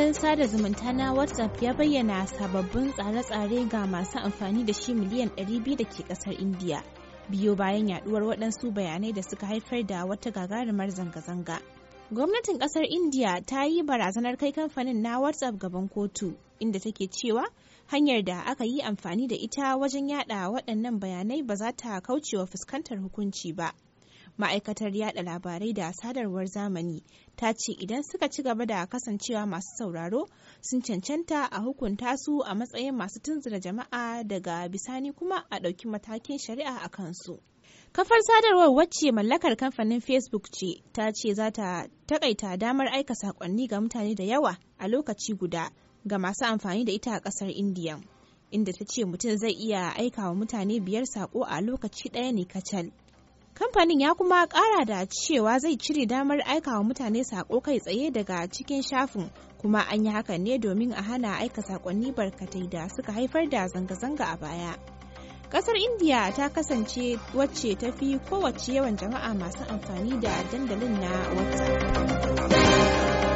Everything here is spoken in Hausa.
dandalin sada zumunta na WhatsApp ya bayyana sababbin tsare-tsare ga masu amfani da shi miliyan 200 da ke kasar India. Biyo bayan yaduwar waɗansu bayanai da suka haifar da wata gagarumar zanga-zanga. Gwamnatin kasar India ta yi barazanar kai kamfanin na WhatsApp gaban kotu, inda take cewa hanyar da aka yi amfani da ita wajen yada waɗannan bayanai ba za ta kaucewa fuskantar hukunci ba. ma'aikatar yada labarai da sadarwar zamani ta ce idan suka ci gaba da kasancewa masu sauraro sun cancanta a hukunta su a matsayin masu tunzura jama'a daga bisani kuma a ɗauki matakin shari'a a kansu kafar sadarwar wacce mallakar kamfanin facebook ce ta ce za ta takaita damar aika saƙonni ga mutane da yawa a lokaci guda ga masu amfani da ita a ƙasar indiya inda ta ce mutum zai iya aika wa mutane biyar saƙo a lokaci ɗaya ne kacal Kamfanin ya kuma kara da cewa zai cire damar aika wa mutane saƙo kai tsaye daga cikin shafin kuma an yi hakan ne domin a hana aika saƙonni barkatai da suka haifar da zanga-zanga a baya. Kasar India ta kasance wacce ta fi kowace yawan jama'a masu amfani da dandalin na WhatsApp.